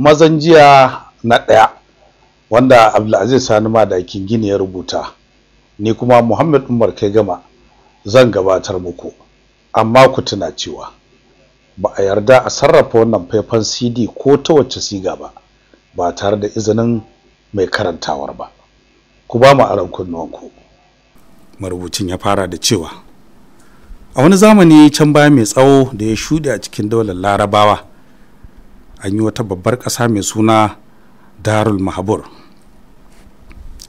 mazan jiya na ɗaya wanda abdulaziz sani madakin gini ya rubuta ni kuma muhammad umar kai gama zan gabatar muku amma ku tuna cewa ba a yarda a sarrafa wannan faifan cd ko ta wacce siga ba ba tare da izinin mai karantawar ba ku ba mu aron kunnuwanku marubucin ya fara da cewa a wani zamani can baya mai tsawo da ya shuɗe a cikin daular larabawa an yi wata babbar ƙasa mai suna darul mahabur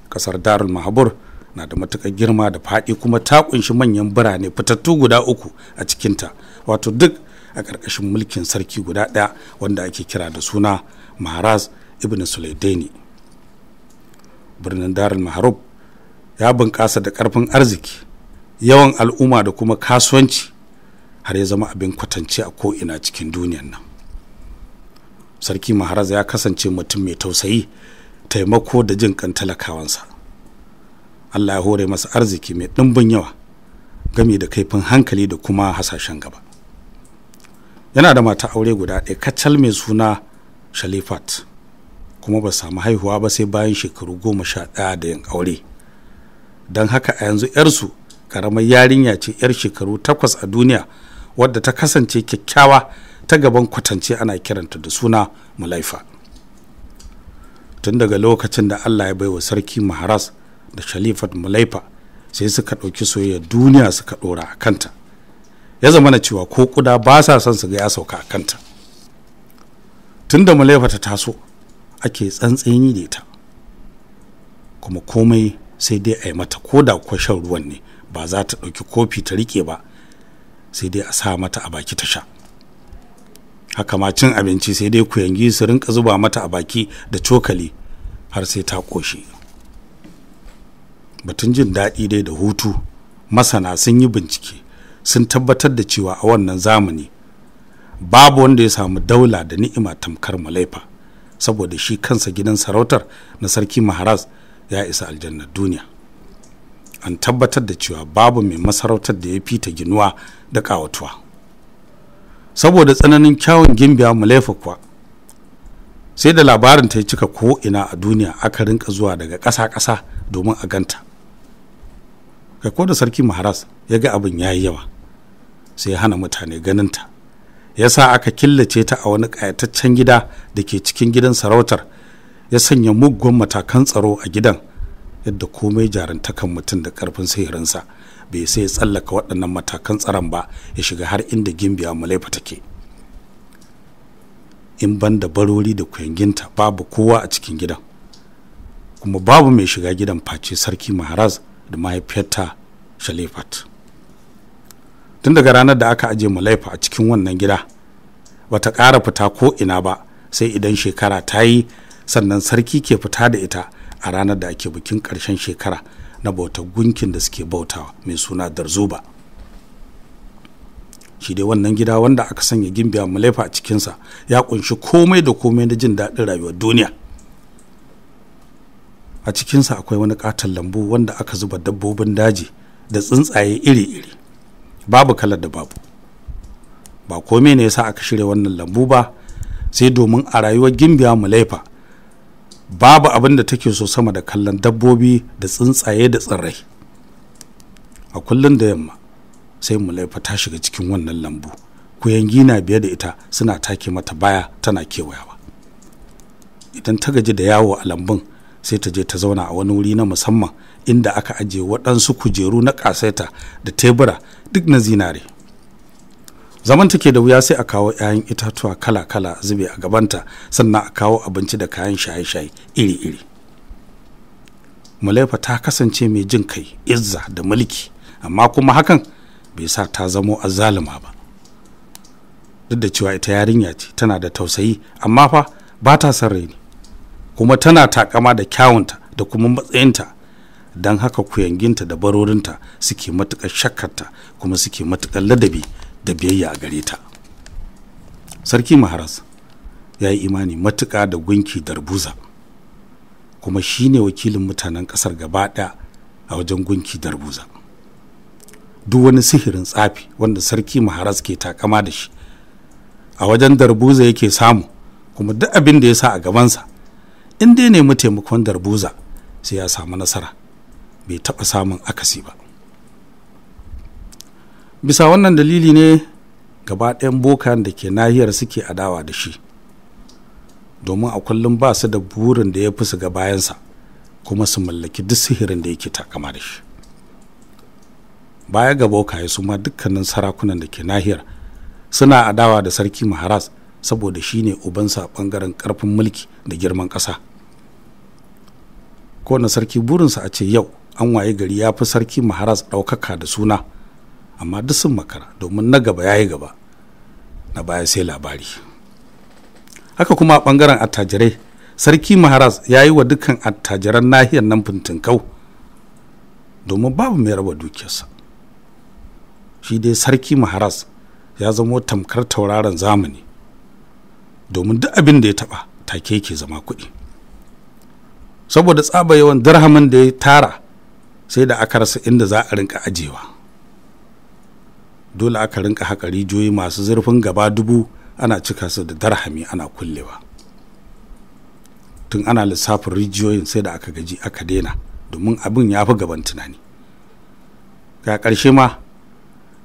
ƙasar darul mahabur na da matukar girma da faɗi kuma ta ƙunshi manyan birane fitattu guda uku a cikinta wato duk a ƙarƙashin mulkin sarki guda ɗaya wanda ake kira da suna maharaz ibn sulaidani birnin darul maharub ya bunƙasa da ƙarfin arziki yawan al'umma da kuma kasuwanci har ya zama abin kwatance a ko'ina cikin duniyan nan sarki maharaza ya kasance mutum mai tausayi taimako da jin kan talakawansa allah ya hore masa arziki mai ɗimbin yawa gami da kaifin hankali da kuma hasashen gaba yana da mata aure guda ɗaya kacal mai suna shalifat kuma ba samu haihuwa ba sai bayan shekaru goma sha ɗaya da yin aure don haka a yanzu 'yarsu karamar yarinya ce 'yar shekaru takwas a duniya wadda ta kasance kyakkyawa ta gaban kwatance ana kiranta da suna mulaifa tun daga lokacin da allah ya baiwa sarki maharas da shalifat mulaifa sai suka ɗauki soyayya duniya suka ɗora a kanta ya zama na cewa ko kuda ba sa son su ga ya sauka a kanta tun da mulaifa ta taso ake tsantseni da ita kuma komai sai dai a yi mata ko da kuwa shan ruwan ne ba za ta ɗauki kofi ta riƙe ba sai dai a sa mata a baki ta sha haka cin abinci sai dai ku yangi su rinka zuba mata a baki da cokali har sai ta ƙoshi batun jin daɗi dai da hutu masana sun yi bincike sun tabbatar da cewa a wannan zamani babu wanda ya samu daula da ni'ima tamkar malaifa saboda shi kansa gidan sarautar na sarki maharas ya isa aljannar duniya an tabbatar da cewa babu mai masarautar da ya fita ginuwa da ƙawatuwa saboda tsananin kyawun gimbiya mulefa kuwa sai da labarin ta yi cika ko'ina a duniya aka rinka zuwa daga ƙasa-ƙasa domin a ganta kai ko da sarki maharas ya ga abin ya yi yawa sai ya hana mutane ganinta ya sa aka killace ta a wani ƙayataccen gida da ke cikin gidan sarautar ya sanya muggun matakan tsaro a gidan yadda komai jarantakan mutum da ƙarfin sihirinsa bai sai tsallaka waɗannan matakan tsaron ba ya shiga har inda gimbiya malaifa take in ban da barori da kuyanginta babu kowa a cikin gidan kuma babu mai shiga gidan face sarki maharaz da mahaifiyarta shalifat tun daga ranar da aka aje malaifa a cikin wannan gida bata ƙara fita ko ina ba sai idan shekara ta yi sannan sarki ke fita da ita a ranar da ake bikin ƙarshen shekara na bautar gunkin da suke bautawa mai suna darzuba shi dai wannan gida wanda aka sanya gimbiya malefa a cikinsa ya kunshi komai da komai na jin daɗin rayuwar duniya a cikinsa akwai wani katon lambu wanda aka zuba dabbobin daji da tsuntsaye iri-iri babu kalar da babu ba komai ne yasa aka shirya wannan lambu ba sai domin a rayuwar gimbiya mulaifa babu abin da take so sama da kallon dabbobi da tsuntsaye da tsirrai a kullum da yamma sai mu laifa ta shiga cikin wannan lambu kuyangi na biye da ita suna take mata baya tana kewayawa idan ta gaji da yawo a lambun sai ta je ta zauna a wani wuri na musamman inda aka ajiye waɗansu kujeru na ƙasaita da tebura duk na zinare zaman take da wuya sai a kawo 'ya'yan itatuwa kala-kala zube a gabanta sannan a kawo abinci da kayan shaye-shaye iri-iri malefa ta kasance mai jin kai izza da mulki amma kuma hakan bai sa ta zamo azzalima ba duk da cewa ita yarinya ce tana da tausayi amma fa ba ta son raini kuma tana takama da kyawunta da kuma matsayinta don haka kuyanginta da barorinta suke matuƙar shakkarta kuma suke matuƙar ladabi da biyayya a gare ta sarki maharas ya yi imani matuƙa da gunki darbuza kuma shi ne wakilin mutanen ƙasar gaba ɗaya a wajen gunki darbuza duk wani sihirin tsafi wanda sarki maharas ke takama da shi a wajen darbuza yake samu kuma duk abin da ya sa a gabansa in dai nemi taimakon darbuza sai ya samu nasara bai taɓa samun akasi ba bisa wannan dalili ne gaba ɗayan bokan da ke nahiyar suke adawa da shi domin a kullum ba su da burin da ya fi su ga bayansa kuma su mallaki duk sihirin da yake takama da shi baya ga bokaye su ma dukkanin sarakunan da ke nahiyar suna adawa da sarki maharas saboda shi ne ubansa bangaren karfin mulki da girman ƙasa kowane sarki burinsa a ce yau an waye gari ya fi sarki maharas ɗaukaka da suna amma duk sun makara domin na gaba ya yi gaba na baya sai labari haka kuma a ɓangaren attajirai sarki maharas ya yi wa dukkan attajiran nahiyar nan kau domin babu mai raba dukiyarsa shi dai sarki maharas ya zamo tamkar tauraron zamani domin duk abin da ya taɓa take yake zama kuɗi saboda tsaba yawan darhamin da ya tara sai da aka rasa inda za a rinka ajewa dole aka rinka haƙa rijiyoyi masu zurfin gaba dubu ana cika su da darhami ana kullewa tun ana lissafin rijiyoyin sai da aka gaji aka daina domin abin ya fi gaban tunani ga ƙarshe ma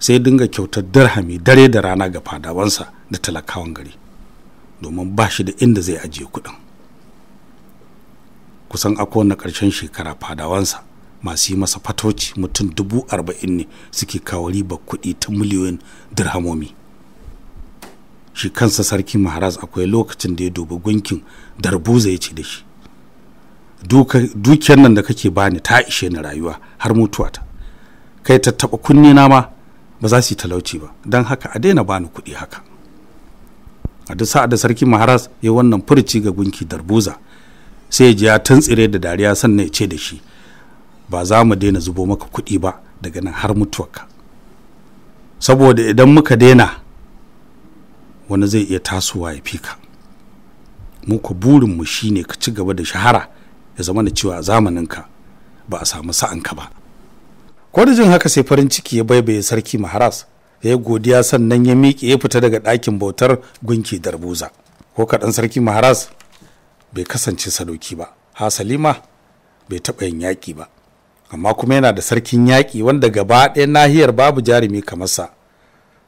sai dinga kyautar darhami dare da rana ga fadawansa da talakawan gari domin ba shi da inda zai ajiye kuɗin kusan akwai na ƙarshen shekara fadawansa masu yi masa fatoci mutum dubu arba'in ne suke kawo ribar kuɗi ta miliyoyin dirhamomi shi kansa sarki maharaz akwai lokacin da ya dubi gunkin darbuza ya ce da shi dukiyar nan da kake bani ta ishe ni rayuwa har mutuwa ta. kai ta taɓa kunne na ma ba za su yi talauci ba don haka a daina bani kuɗi haka a duk sa'a da sarki maharaz ya wannan furci ga gunki darbuza sai ya ji ya tantsire da dariya sannan ya ce da shi ba za mu daina zubo maka kuɗi ba daga nan har mutuwarka saboda idan muka daina wani zai iya tasowa ya fika mu ku burinmu shine ka ci gaba da shahara ya zama da cewa zamaninka ba a samu sa'anka ba ko haka sai farin ciki ya baibaye sarki maharas ya yi godiya sannan ya miƙe ya fita daga ɗakin bautar gunki darbuza ko kaɗan sarki maharas bai kasance sadoki ba ha salima bai taɓa yin yaƙi ba amma kuma yana da sarkin yaƙi wanda gaba ɗaya nahiyar babu jarumi kamar sa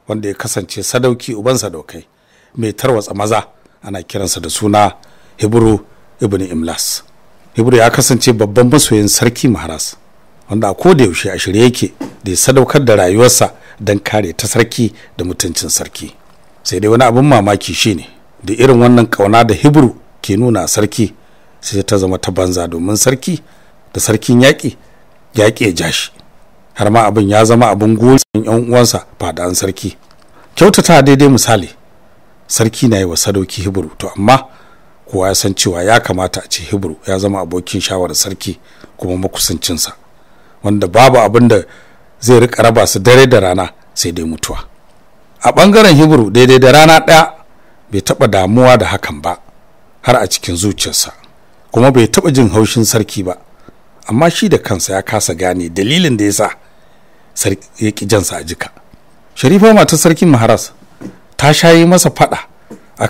wanda ya kasance sadauki uban sadaukai mai tarwatsa maza ana kiransa da suna hibru ibn imlas hibru ya kasance babban masoyin sarki maharas wanda a koda yaushe a shirye yake da ya sadaukar da rayuwarsa don kare ta sarki da mutuncin sarki sai dai wani abin mamaki shine da irin wannan ƙauna da hibru ke nuna sarki sai ta zama ta banza domin sarki da sarkin yaƙi ya ja shi har ma abin ya zama abin goyon yan uwansa fadan sarki kyautata daidai misali sarki na yi wa sadauki hiburu to amma kowa ya san cewa ya kamata a ce hiburu ya zama abokin shawar sarki kuma makusancinsa wanda babu abin da zai rika raba su dare da rana sai dai mutuwa a ɓangaren hiburu daidai da rana ɗaya bai taɓa damuwa da hakan ba har a cikin zuciyarsa kuma bai taɓa jin haushin sarki ba amma shi da kansa ya kasa gane dalilin da ya sa ya ƙi jansa a jika sharifa matar sarkin maharas ta yi masa faɗa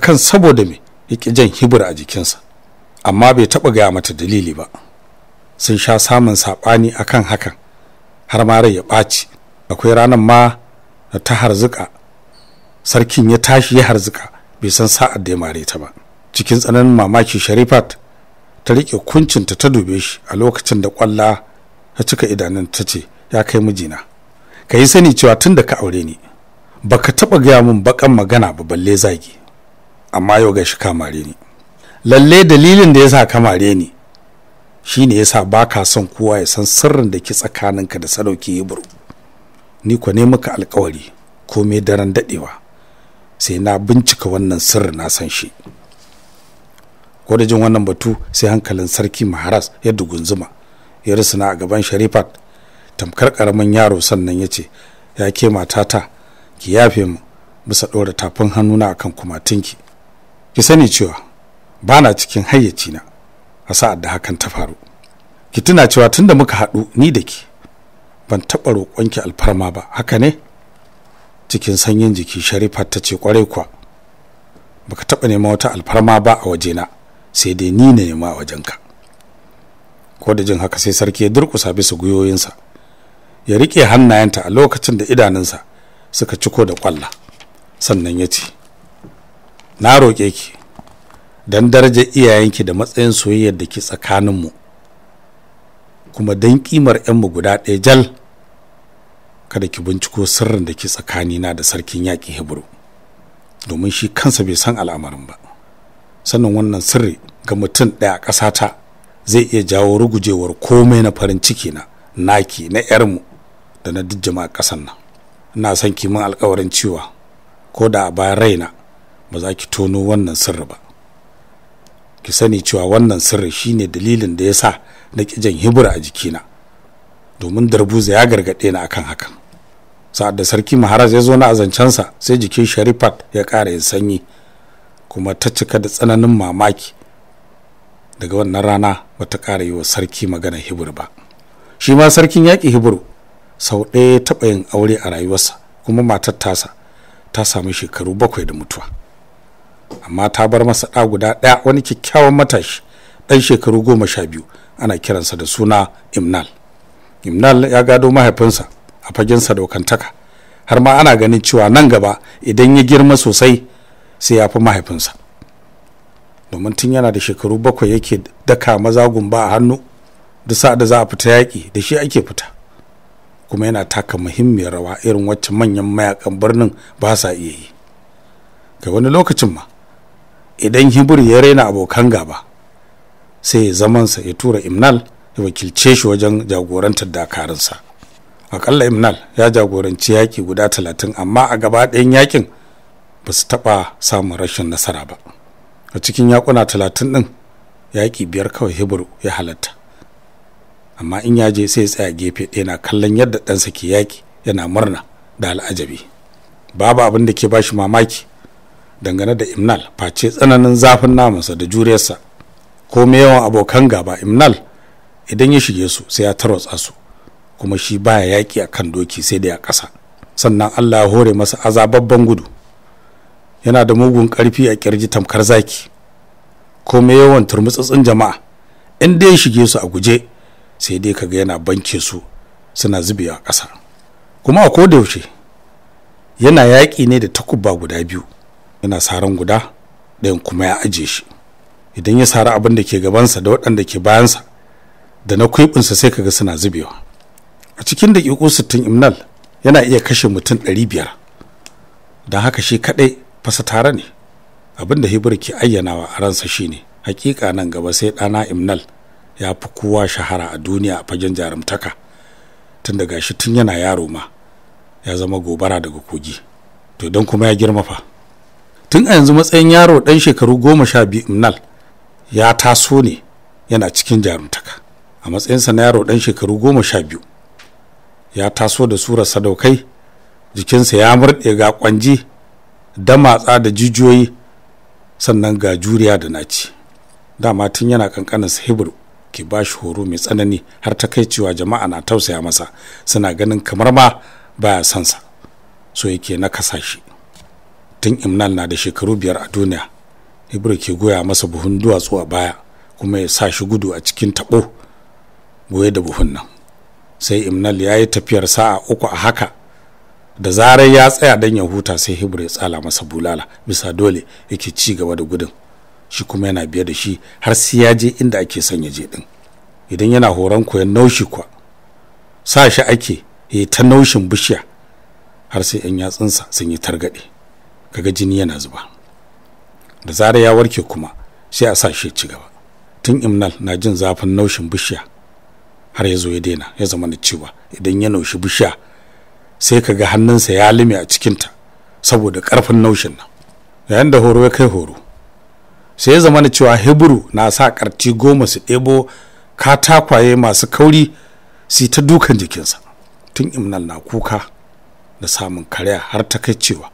kan saboda me ya ƙi jan hibir a jikinsa amma bai taɓa gaya mata dalili ba sun sha samun saɓani a kan hakan har ma rai ya ɓaci akwai ranar ma da ta harzuka sarkin ya tashi ya harzuka bai san sa'ad da ya mare ta ba cikin tsananin mamaki sharifat ta riƙe kuncinta ta dube shi a lokacin da ƙwalla ta cika idanun ta ce ya kai mijina ka yi sani cewa tun da ka aure ni baka taɓa gaya min baƙan magana ba balle zagi amma yau ga ka kamare ni lalle dalilin da ya sa mare ni shi ne ya sa ba ka son kowa ya san sirrin da ke tsakaninka da sadauki buru ni ko ne maka alkawari komai daren daɗewa sai na bincika wannan sirri na san shi ko da jin wannan batu sai hankalin sarki maharas ya dugunzuma ya risuna a gaban sharifat tamkar karamin yaro sannan ya ce ya ke matata ki yafe mu bisa ɗora tafin hannuna kan kumatinki ki sani cewa ba na cikin hayyacina a sa'ad da hakan ta faru ki tuna cewa tun da muka haɗu ni da ki ban taɓa roƙonki alfarma ba haka ne cikin sanyin jiki sharifat ta ce kwarai kuwa baka taɓa neman wata alfarma ba a wajena sai dai ni ne ma a ka ko da jin haka sai sarki ya durkusa bisa gwiwoyinsa ya riƙe hannayenta a lokacin da idanunsa suka ciko da ƙwalla sannan ya ce na roƙe ki don daraja iyayenki da matsayin soyayyar da ke tsakaninmu kuma don ƙimar 'yanmu guda ɗaya jal kada ki binciko sirrin da ke tsakanina da sarkin yaƙi hebru domin shi kansa bai san al'amarin ba sanin wannan sirri ga mutum ɗaya a ƙasata zai iya jawo rugujewar komai na farin ciki na naki na yarmu da na duk jama'a ƙasar nan ina son kimin alƙawarin cewa ko da a bayan raina ba za ki tono wannan sirri ba ki sani cewa wannan sirri shine dalilin da ya sa na jan hibira a jikina domin darbuza ya gargaɗe ni akan hakan sa'ad da sarki maharaj ya zo na azancensa sai jikin sharifat ya ƙara yin sanyi kuma ta cika da tsananin mamaki daga wannan rana ba ta ƙara yi wa sarki magana hibir ba shi ma sarkin yaƙi hibir sau ɗaya ya taɓa yin aure a rayuwarsa kuma matar tasa ta sami shekaru bakwai da mutuwa amma ta bar masa ɗa guda ɗaya wani kyakkyawan matashi ɗan shekaru goma sha biyu ana kiransa da suna imnal imnal ya gado mahaifinsa a fagen sadaukantaka har ma ana ganin cewa nan gaba idan ya girma sosai sai ya fi mahaifinsa domin tun yana da shekaru bakwai yake daka maza gumba a hannu da sa da za a fita yaƙi da shi ake fita kuma yana taka muhimmiyar rawa irin wacce manyan mayakan birnin ba sa iya yi ga wani lokacin ma idan hibir ya raina abokan gaba sai ya zamansa ya tura imnal ya wakilce shi wajen jagorantar dakarinsa akalla imnal ya jagoranci yaƙi guda talatin amma a gaba ɗayan yaƙin ba su taɓa samun rashin nasara ba a cikin yakuna talatin ɗin yaƙi biyar kawai hebron ya halatta amma in ya je sai ya tsaya gefe ɗaya na kallon yadda ɗansa ke yaƙi yana murna da al'ajabi babu abin da ke ba shi mamaki dangane da imnal face tsananin zafin namansa da juriyarsa ko me yawan abokan gaba imnal idan ya shige su sai ya tarwatsa su kuma shi baya yaƙi a kan doki sai da ya ƙasa sannan allah ya hore masa azababban gudu yana da mugun ƙarfi a ƙirji tamkar zaki kome yawan turmutsatsin jama'a in dai shige su a guje sai dai kaga yana banke su suna zubewa a ƙasa kuma a yaushe yana yaƙi ne da takuba guda biyu yana saran guda ɗayan kuma ya aje shi idan ya sari abin da ke gabansa da waɗanda ke bayansa da na kwiɓinsa sai kaga suna zubewa a cikin daƙiƙu sittin imnal yana iya kashe mutum ɗari biyar don haka shi kaɗai fasa tare ne abin da hibir ke ayyanawa a ransa shine hakika nan gaba sai ɗana imnal ya fi kowa shahara a duniya a fagen jarumtaka tun daga shi tun yana yaro ma ya zama gobara daga kogi to don kuma ya girma fa tun a yanzu matsayin yaro ɗan shekaru goma sha biyu imnal ya taso ne yana cikin jarumtaka a matsayinsa na yaro ɗan shekaru goma sha biyu ya taso da surar sadaukai jikinsa ya murɗe ga kwanji damatsa da jijiyoyi sannan ga juriya da naci dama tun yana kankanin hebrew ke ba shi horo mai tsanani har ta kai cewa jama'a na tausaya masa suna ganin kamar ma baya son sa so yake na kasa shi tun imnan na da shekaru biyar a duniya hebrew ke goya masa buhun duwatsu a baya kuma ya sa shi gudu a cikin taɓo goye da buhun nan sai imnal ya yi tafiyar sa'a uku a haka da zarar ya tsaya dan ya huta sai hibir ya tsala masa bulala bisa dole yake ci gaba da gudun shi kuma yana biye da shi har sai ya je inda ake son ya je din idan yana horon ya naushi kwa sa shi ake yi ta naushin bishiya har sai yan yatsunsa sun yi targaɗe kaga jini yana zuba da zarar ya warke kuma sai a sa shi ci gaba tun imnal na jin zafin naushin bishiya har ya zo ya daina ya zama da cewa idan ya naushi bishiya sai ka ga hannunsa ya lumi a cikinta saboda ƙarfin naushin nan yayin da horo ya kai horo sai ya zama cewa hebru na sa ƙarti goma su ɗebo katakwaye masu kauri su ta dukan jikinsa tun imnan na kuka da samun karya har ta kai cewa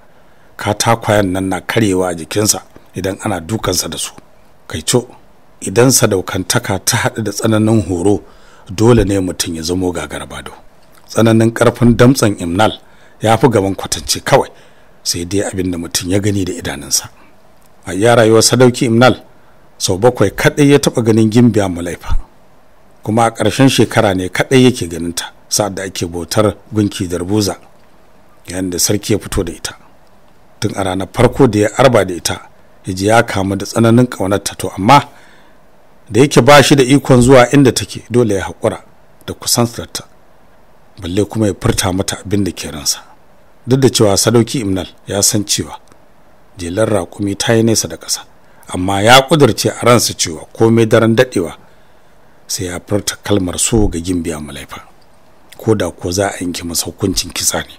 katakwayen nan na karyewa a jikinsa idan ana dukansa da su kai co idan sadaukantaka ta haɗu da tsananin horo dole ne mutum ya zamo gagarbado tsananin karfin damtsan imnal ya fi gaban kwatance kawai sai dai abin da mutum ya gani da idanunsa a iya rayuwar sadauki imnal sau bakwai kaɗai ya taɓa ganin gimbiya mulaifa kuma a ƙarshen shekara ne kaɗai yake ganinta sa'ad da ake bautar gunki darbuza yayin da sarki ya fito da ita tun a ranar farko da ya arba da ita ji ya kamu da tsananin ƙaunarta to amma da yake ba shi da ikon zuwa inda take dole ya haƙura da kusan kusantarta balle kuma ya furta mata abin da ke ransa duk da cewa sadauki imnal ya san cewa jelar raƙumi ta yi nesa da ƙasa amma ya ƙudurce a ransa cewa komai daren daɗewa sai ya furta kalmar so ga gimbiya malaifa ko da ko za a yanke masa hukuncin kisa ne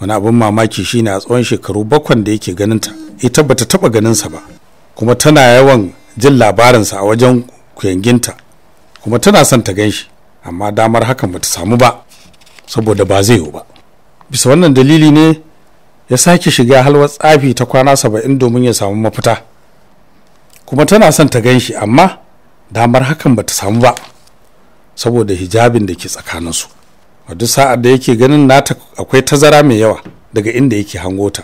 wani abin mamaki shine a tsawon shekaru bakwan da yake ganinta ita bata taɓa sa ba kuma tana yawan jin labarinsa a wajen kuyanginta kuma tana son ta gan shi amma damar hakan bata samu ba saboda ba zai yiwu ba bisa wannan dalili ne ya sake shiga halwar tsafi ta kwana saba'in domin ya samu mafita kuma tana son ta gan shi amma damar hakan ba ta samu ba saboda hijabin da ke tsakaninsu a duk sa'ar da yake ganin nata akwai tazara mai yawa daga inda yake hango ta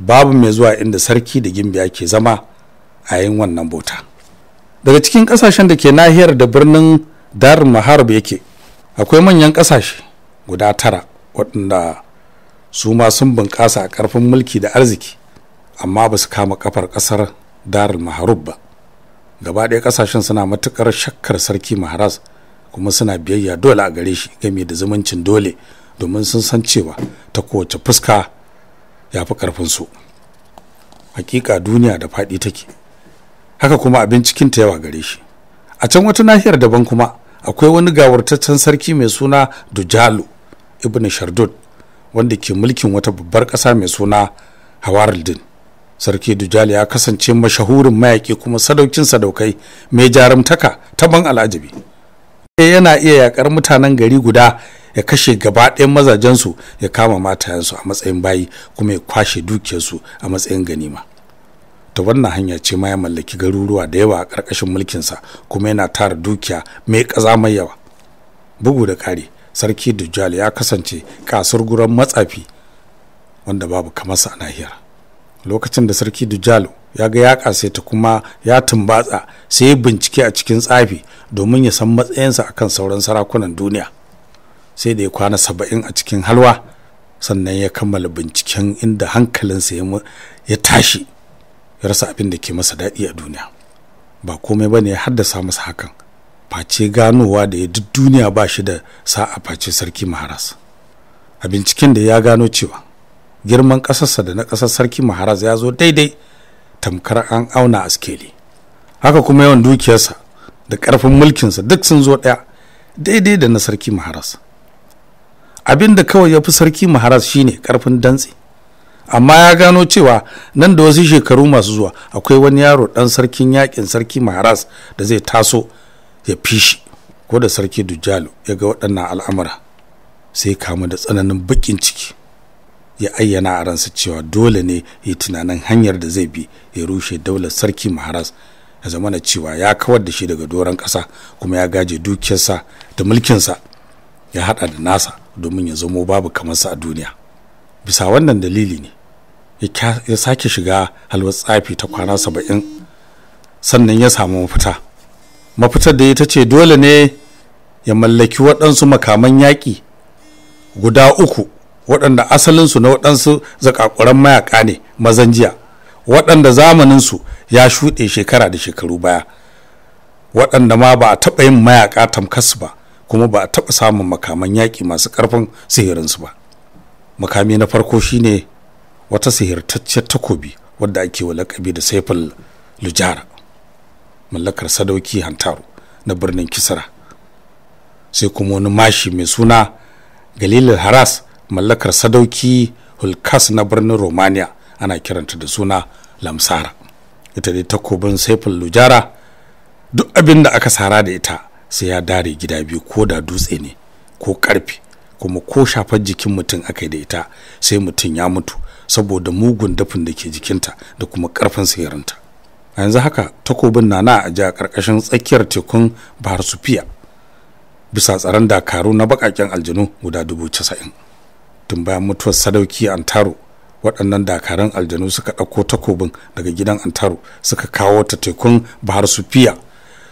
babu mai zuwa inda sarki da gimbiya ke zama a yin wannan bota. daga cikin kasashen da ke nahiyar da birnin darin maharb yake akwai manyan ƙasashe guda tara waɗanda su ma sun bunƙasa a ƙarfin mulki da arziki amma ba su kama ƙafar ƙasar darul maharub ba gaba ɗaya ƙasashen suna matuƙar shakkar sarki maharas kuma suna biyayya dole a gare shi game da zumuncin dole domin sun san cewa ta kowace fuska ya fi ƙarfinsu hakika duniya da faɗi take haka kuma abin cikin yawa gare shi a can wata nahiyar daban kuma akwai wani gawartaccen sarki mai suna dujalu ibn shardud wanda ke mulkin wata babbar ƙasa mai suna hawarildin sarki dujalu ya kasance mashahurin mayaƙi kuma sadaukin sadaukai mai jarumtaka ta ban al'ajabi eh, yana iya yakar mutanen gari guda ya kashe gaba ɗayan mazajensu ya kama matayensu a matsayin bayi kuma ya kwashe dukiyarsu a matsayin ganima ta wannan hanya ce ma ya mallaki garuruwa da yawa a ƙarƙashin mulkinsa kuma yana tara dukiya mai ƙaza mai yawa bugu da ƙari sarki dujjal ya kasance kasar guran matsafi wanda babu kamarsa a nahiyar lokacin da sarki dujjal ya ga ya ta kuma ya tumbatsa sai ya bincike a cikin tsafi domin ya san matsayinsa akan sauran sarakunan duniya sai da ya kwana saba'in a cikin halwa sannan ya kammala binciken inda hankalinsa ya tashi ya rasa abin da ke masa daɗi a duniya ba komai ba ne ya haddasa masa hakan face ganowa da ya duk duniya ba shi da sa'a face sarki maharas a binciken da ya gano cewa girman ƙasarsa da na ƙasar sarki maharas ya zo daidai tamkar an auna a skeli haka kuma yawan dukiyarsa da ƙarfin mulkinsa duk sun zo ɗaya daidai da na sarki maharas abin da kawai ya fi sarki maharas shine ƙarfin dantse amma ya gano cewa nan da wasu shekaru masu zuwa akwai wani yaro dan sarkin yakin sarki maharas da zai taso ya fishi ko da sarki dujalu ya ga waɗannan al'amura sai kamu da tsananin bakin ciki ya ayyana a ransa cewa dole ne ya tunanin hanyar da zai bi ya rushe daular sarki maharas ya zama na cewa ya kawar da shi daga doron ƙasa kuma ya gaje dukiyarsa da mulkinsa ya haɗa da nasa domin ya zamo babu kamar sa a duniya bisa wannan dalili ne ya sake shiga halwar tsafi ta kwana saba'in sannan ya samu mafita mafitar da ita ce dole ne ya mallaki waɗansu makaman yaƙi guda uku waɗanda asalinsu na waɗansu zaƙaƙuran mayaƙa ne mazan jiya waɗanda zamaninsu ya shuɗe shekara da shekaru baya waɗanda ma ba a taɓa yin mayaƙa tamkas ba kuma ba a taɓa samun makaman yaƙi masu ƙarfin sihirinsu ba makami na farko shine wata sihirtacciyar takobi wadda ake wa lakabi da saiful lujara mallakar sadauki hantaru na birnin kisra sai kuma wani mashi mai suna galilin haras mallakar sadauki hulkas na birnin romania ana kiranta da suna lamsara ita dai takobin saiful lujara duk abin da aka sara da ita sai ya dare gida biyu ko da dutse ne ko karfe kuma ko shafar jikin mutum aka yi da ita sai mutum ya mutu saboda mugun dafin da ke jikinta da kuma karfin sayarinta a yanzu haka takobin na na aje a karkashin tsakiyar tekun bahar sufiya bisa tsaron dakaru na bakaken aljanu guda dubu casa'in tun bayan mutuwar sadauki antaro waɗannan dakaran aljanu suka ɗauko takobin daga gidan antaro suka kawo ta tekun bahar sufiya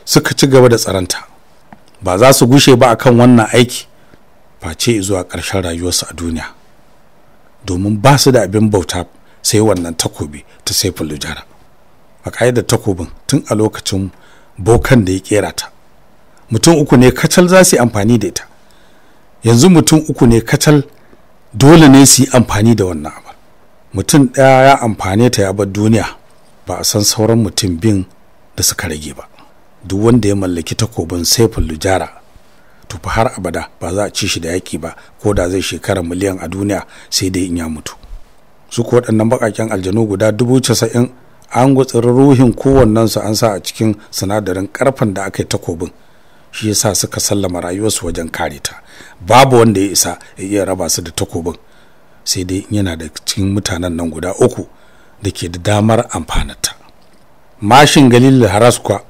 suka ci gaba da tsaranta ba za su gushe ba akan wannan aiki face zuwa ƙarshen rayuwarsu a duniya domin ba su da abin bauta sai wannan takobi ta saifin lujara a ƙa'idar takobin tun a lokacin bokan da ya kera ta mutum uku ne kacal za su yi amfani da ita yanzu mutum uku ne kacal dole ne su yi amfani da wannan abar mutum ɗaya ya amfane ta ya bar duniya ba a san sauran mutum bin da suka rage ba duk wanda ya mallaki takobin saifin lujara tufa har abada ba za a ci shi da yaƙi ba ko da zai shekara miliyan a duniya sai dai in ya mutu su ko waɗannan baƙaƙen aljanu guda dubu casa'in an gutsiri ruhin kowannensu an sa a cikin sinadarin ƙarfen da aka yi takobin shi yasa suka sallama rayuwarsu wajen kare ta babu wanda ya isa ya iya raba su da takobin sai dai yana da cikin mutanen nan guda uku da ke da damar amfanarta mashin galil haraskwa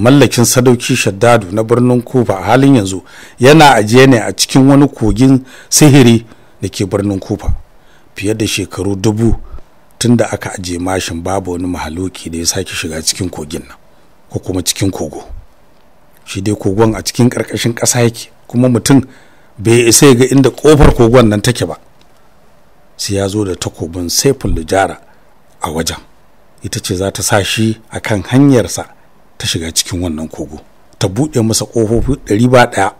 mallakin sadauki shaddadu na birnin kufa a halin yanzu yana ajiye ne a cikin wani kogin sihiri da ke birnin kufa fiye da shekaru dubu tun da aka ajiye mashin babu wani mahaloki da ya sake shiga cikin kogin nan ko kuma cikin kogo shi dai kogon a cikin ƙarƙashin ƙasa yake kuma mutum bai isa ya ga inda kofar kogon nan take ba sai ya zo da takobin saifin lujara a wajen ita ce za ta sa shi a kan hanyarsa ta shiga cikin wannan kogo ta buɗe masa ƙofofi ɗari ba ɗaya ya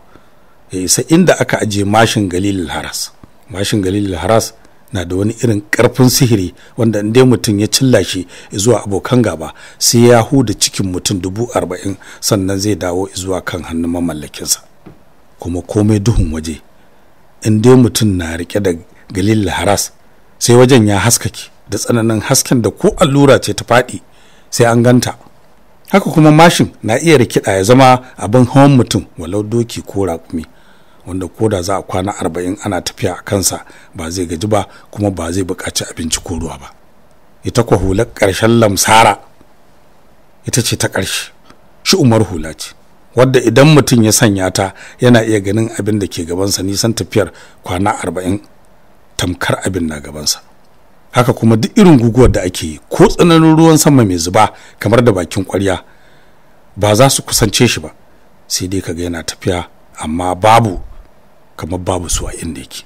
eh, isa inda aka ajiye mashin galilil haras mashin galilil haras na da wani irin ƙarfin sihiri wanda inda mutum ya cilla shi zuwa abokan gaba sai ya huda cikin mutum dubu arba'in sannan zai dawo zuwa kan hannun mamallakinsa kuma komai duhun waje inda mutum na rike da galilil haras sai wajen ya haskake da tsananin hasken da ko allura ce ta faɗi sai an ganta haka kuma mashin na iya rikida ya zama abin hawan mutum walau doki ko raƙumi wanda koda za a kwana arba'in ana tafiya a kansa ba zai gaji ba kuma ba zai buƙaci abinci ko ruwa ba ita kwa hular ƙarshen lamsara ita ce ta ƙarshe shi umar hula ce wadda idan mutum ya sanya ta yana iya ganin abin da ke gabansa nisan tafiyar kwana arba'in tamkar abin na gabansa haka kuma duk irin guguwar da ake yi ko tsananin ruwan sama mai zuba kamar da bakin kwarya ba za su kusance shi ba sai dai kaga yana tafiya amma babu kamar babu su a inda yake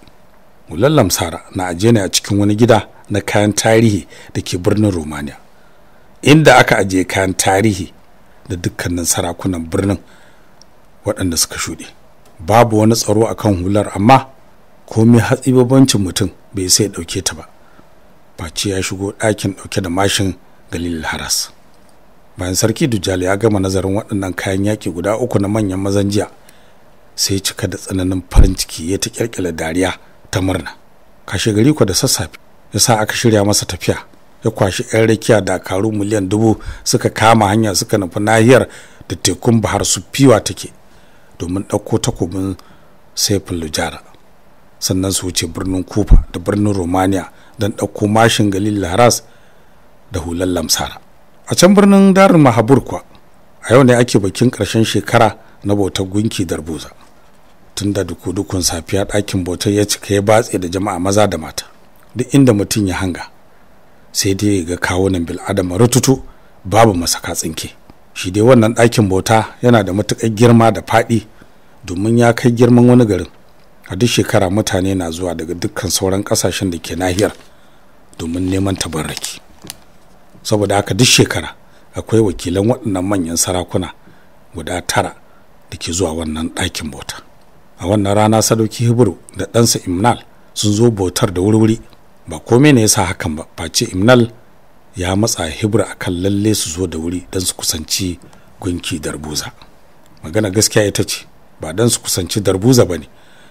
mulallam lamsara na ajiye ne a cikin wani gida na kayan tarihi da ke birnin romania inda aka ajiye kayan tarihi da dukkanin sarakunan birnin waɗanda suka shuɗe babu wani tsaro a kan hular amma komai hatsi babancin mutum bai sai ɗauke ta ba face ya shigo ɗakin ɗauke da mashin galil haras bayan sarki dujjal ya gama nazarin waɗannan kayan yaƙi guda uku na manyan mazan jiya sai cika da tsananin farin ciki ya ta ƙirƙira dariya ta murna kashe gari ko da sassafe ya sa aka shirya masa tafiya ya kwashi 'yan rakiya dakaru miliyan dubu suka kama hanya suka nufi nahiyar da tekun bahar su fiwa take domin ɗauko takobin saifin lujara sannan su wuce birnin kufa da birnin romania don ɗauko mashin galil laras da hular lamsara a can birnin darin mahabur kuwa a yau ne ake bakin ƙarshen shekara na bautar gunki darbuza tun da dukudukun safiya ɗakin bautar ya cika ya batse da jama'a maza da mata duk inda mutum ya hanga sai dai ya ga kawunan bil'adama rututu babu masaka tsinke shi dai wannan ɗakin bauta yana da matuƙar girma da faɗi domin ya kai girman wani garin a duk shekara mutane na zuwa daga dukkan sauran kasashen da ke nahiyar domin neman tabarraki saboda haka duk shekara akwai wakilan waɗannan manyan sarakuna guda tara da ke zuwa wannan ɗakin bauta a wannan rana sadauki hibru da ɗansa imnal sun zo bautar da wurwuri ba komai ne yasa hakan ba face imnal ya matsa a akan lalle su zo da wuri don su kusanci gunki darbuza magana gaskiya ita ce ba don su kusanci darbuza ba ne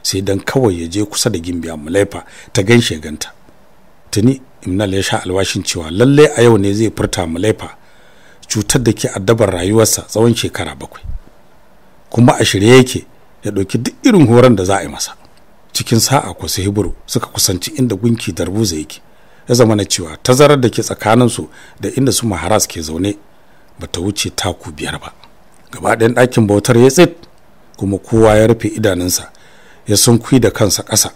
sai dan kawai ya je kusa da gimbiya mulaifa ta gan ganta tuni imnal ya sha alwashin cewa lallai a yau ne zai furta mulaifa cutar da ke addabar rayuwarsa tsawon shekara bakwai kuma a shirye yake ya ɗauki duk irin horon da za a yi masa cikin sa'a ku su hiburu suka kusanci inda gunki darbuza yake ya zama na cewa tazarar da ke tsakaninsu da inda su maharas ke zaune ba ta wuce taku biyar ba gaba ɗayan ɗakin bautar ya tsit kuma kowa ya rufe idanunsa ya kwi da kansa ƙasa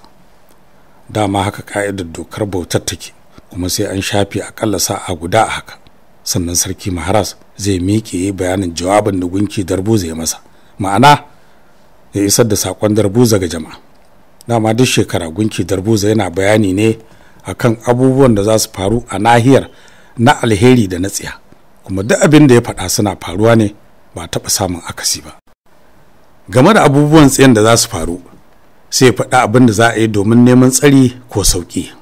dama haka ka'idar dokar bautar take kuma sai an shafe akalla sa'a guda a haka sannan sarki maharas zai miƙe bayanin jawabin da gunki darbuza ya masa ma'ana ya isar da saƙon darbuza ga jama'a dama duk shekara gunki darbuza yana bayani ne akan abubuwan da za su faru a nahiyar na alheri da na tsiya kuma duk abin da ya faɗa suna faruwa ne ba taɓa samun akasi ba game da abubuwan tsayin da za su faru sai faɗa abin da za a yi domin neman tsari ko sauƙi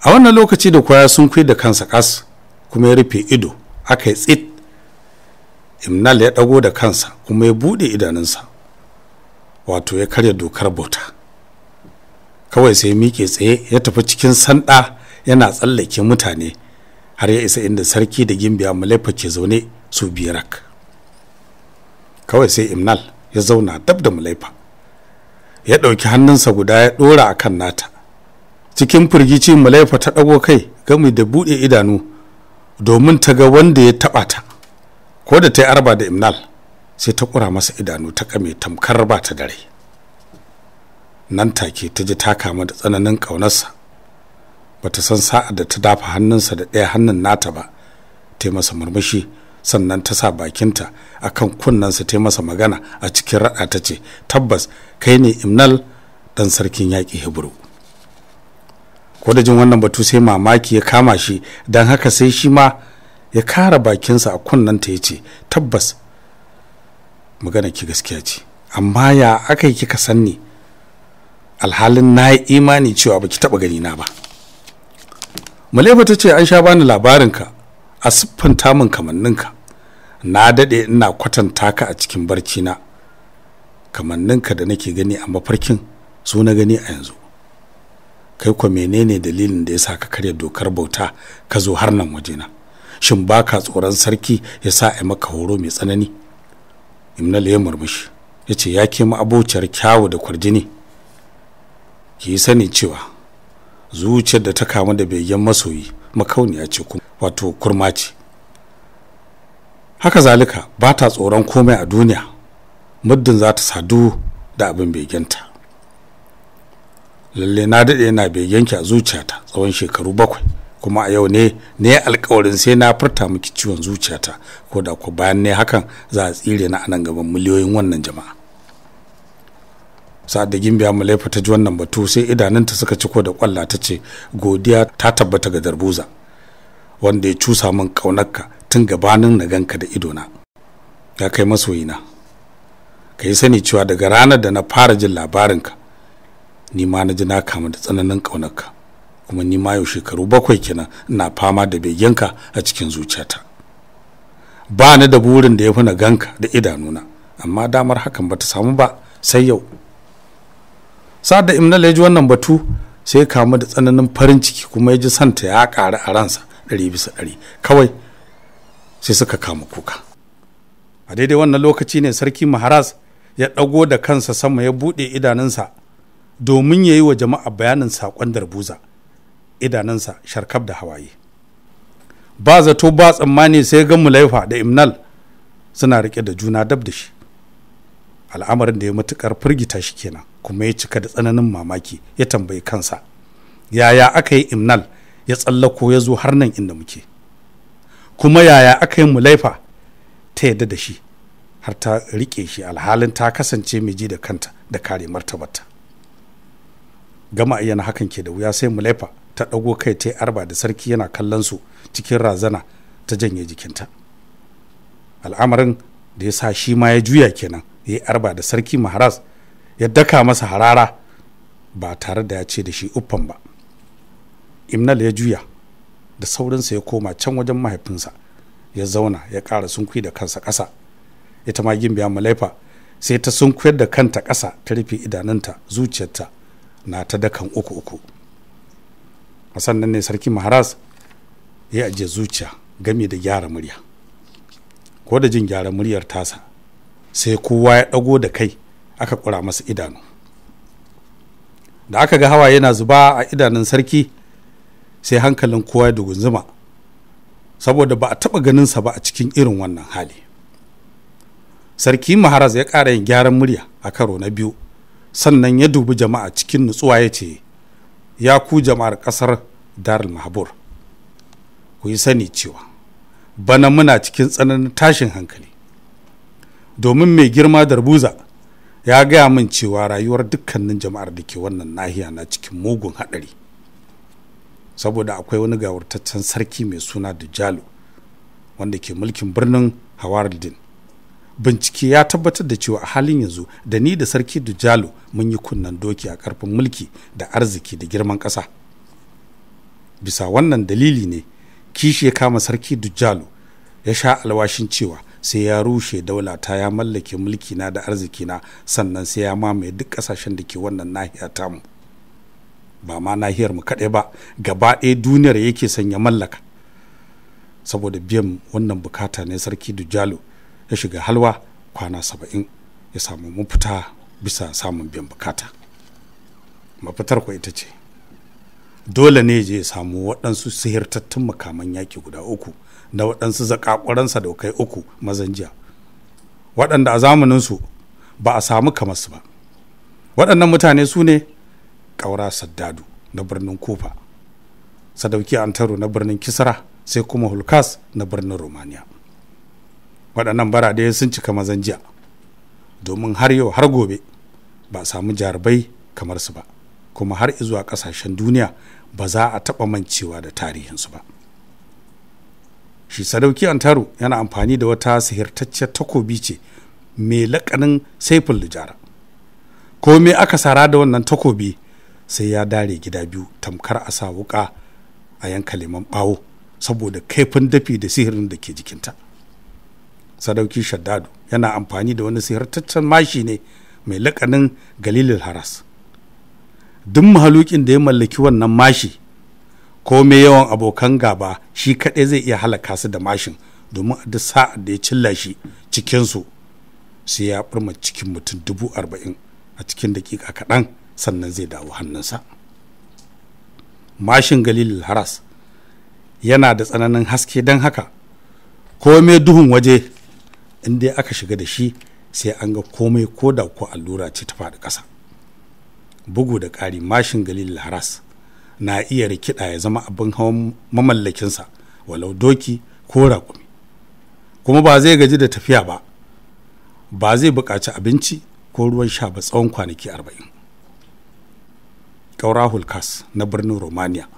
a wannan lokaci da kwaya sun kwi da kansa ƙas kuma ya rufe ido aka yi tsit imnal ya ɗago da kansa kuma ya buɗe idanunsa wato ya karya dokar bauta kawai sai miƙe tsaye ya tafi cikin sanda yana tsallake mutane har ya isa inda sarki da gimbiya malefa ke zaune su biyarak kawai sai imnal ya zauna dab da malefa ya ɗauki hannunsa guda ya ɗora a kan nata cikin firgici malaifa ta ɗago kai gami da buɗe idanu domin ta ga wanda ya taɓa ta ko da ta yi arba da imnal sai ta ƙura masa idanu ta ƙame tamkar ba ta dare nan take ta ji ta kama da tsananin ƙaunarsa ba ta san sa'a da ta dafa hannunsa da ɗaya hannun nata ba ta yi masa murmushi sannan ta sa bakinta a kan kunnansa ta masa magana a cikin raɗa ta ce tabbas kai ne imnal ɗan sarkin yaƙi hebru ko da jin wannan batu sai mamaki ya kama shi don haka sai shi ma ya kara bakinsa a kunnanta ya ce tabbas magana ki gaskiya ce amma ya aka yi kika sanni alhalin na yi imani cewa baki taɓa gani na ba malefa ta ce an sha bani labarinka a siffanta min kamanninka na daɗe ina kwatanta ka a cikin barci na kamanninka da nake gani a mafarkin su na gani a yanzu kai ko menene dalilin da ya sa ka karya dokar bauta ka zo har nan wajena shin baka ka tsoron sarki ya sa a maka horo mai tsanani imnal ya murmushi ya ce ya ke abociyar kyawu da kwarjini ki sani cewa zuciyar da ta kamu da begen masoyi makauniya ce kuma wato kurma ce haka zalika ba ta tsoron komai a duniya muddin za ta sadu da abin begenta lalle na daɗe yana begenki a zuciyata tsawon shekaru bakwai kuma a yau ne ne alkawarin sai na furta miki ciwon zuciyata ko da ku bayan ne hakan za a tsire na anan gaban miliyoyin wannan jama'a sa'ad da gimbiya mulaifa ta ji wannan batu sai idanunta suka ciko da kwalla ta ce godiya ta tabbata ga darbuza wanda ya cusa min kaunarka tun gabanin na ganka da idona ya kai masoyina ka yi sani cewa daga ranar da na fara jin labarinka ni ma na ji na kama da tsananin kaunarka kuma ni ma yau shekaru bakwai kenan ina fama da begenka a cikin zuciyata ba ni da burin da ya fi na ganka da idanuna amma damar hakan bata samu ba sai yau sa'ad da imnal ya ji wannan batu sai ya kamu da tsananin farin ciki kuma ya ji santa ya ƙara a ransa ɗari bisa ɗari kawai sai suka kama kuka a daidai wannan lokaci ne sarki maharas ya ɗago da kansa sama ya buɗe idanunsa domin ya yi wa jama'a bayanin saƙon darbuza idanunsa sharkab da hawaye ba zato ba tsammani sai ga mulaifa da imnal suna riƙe da juna dab da shi al'amarin da ya matuƙar firgita shi kenan kuma ya cika da tsananin mamaki ya tambayi kansa yaya aka yi imnal ya tsallako ya zo har nan inda muke kuma yaya aka yi mulaifa ta yadda da shi har ta rike shi alhalin ta kasance mai ji da kanta da kare martabata gama na hakan ke da wuya sai mulaifa ta ɗago kai ta yi arba da sarki yana kallon su cikin razana ta janye jikinta al'amarin da ya sa shi ma ya juya kenan ya yi arba da sarki maharas ya daka masa harara ba tare da ya ce da shi uffan ba imnal ya juya da saurinsa ya koma can wajen mahaifinsa ya zauna ya ƙara sunkwi da kansa ƙasa ita ma gimbiya malaifa sai ta sunkuyar da kanta ƙasa ta rufe idanunta zuciyarta na ta dakan uku uku a sannan ne sarki maharas ya ajiye zuciya gami da gyara murya ko da jin gyara muryar tasa sai kowa ya ɗago da kai aka kura masa idanu da aka ga hawa yana zuba a idanun sarki sai hankalin kowa ya dugunzuma saboda ba a taɓa ganinsa ba a cikin irin wannan hali sarki maharaz ya ƙara yin gyaran murya a karo na biyu sannan ya dubi jama'a cikin nutsuwa ya ce ya ku jama'ar ƙasar darul mahabur ku yi sani cewa bana muna cikin tsananin tashin hankali domin mai girma darbuza ya gaya min cewa rayuwar dukkanin jama'ar da ke wannan nahiya na cikin mugun haɗari saboda akwai wani gawurtaccen sarki mai suna jalo wanda ke mulkin birnin Hawardin bincike ya tabbatar da cewa a halin yanzu da ni da sarki jalo mun yi kunnen doki a karfin mulki da arziki da girman ƙasa bisa wannan dalili ne kishi ya kama sarki jalo ya sha alwashin cewa sai ya rushe daula ta ya mallake mulki na da arziki na sannan sai ya mamaye duk kasashen da ke wannan nahiya tamu ba ma nahiyar mu kaɗai ba gaba ɗaya duniyar yake sanya mallaka saboda biyan wannan bukata ne sarki dujalo ya shiga halwa kwana saba'in ya samu mafita bisa samun biyan bukata mafitar ku ita ce dole ne ya je ya samu waɗansu sihirtattun makaman yaki guda uku da waɗansu da sadaukai uku mazan jiya waɗanda a zamaninsu ba a samu kamarsu ba waɗannan mutane su ne ƙaura saddadu na birnin kufa sadauki antaro na birnin kisara sai kuma hulkas na birnin romania waɗannan barade sun cika mazan jiya domin har yau har gobe ba a samu jarabai kamar su ba kuma har izuwa ƙasashen duniya ba za a taɓa mancewa da tarihinsu ba. shi sadauki antaru yana amfani da wata sihirtacciyar takobi ce mai lakanin saifin lijara ko me aka sara da wannan takobi sai ya dare gida biyu tamkar a sa wuka a yanka leman bawo saboda kaifin dafi da sihirin da ke jikinta sadauki shaddadu yana amfani da wani sihirtaccen mashi ne mai lakanin galilil haras duk mahalukin da ya mallaki wannan mashi komai yawan abokan gaba shi kaɗai zai iya halaka su da mashin domin a duk sa'a da ya cilla shi cikinsu sai ya ɓarma cikin mutum dubu arba'in a cikin daƙiƙa kaɗan sannan zai dawo hannunsa mashin galil haras yana da tsananin haske don haka komai duhun waje inda aka shiga da shi sai an ga komai ko da ko allura ce ta faɗi ƙasa bugu da ƙari mashin galil haras na iya rikida ya zama abin hawan mamallakinsa walau doki ko raƙumi kuma ba zai gaji da tafiya ba ba zai buƙaci abinci ko ruwan sha ba tsawon kwanaki arba'in ƙaura hulkas na birnin romania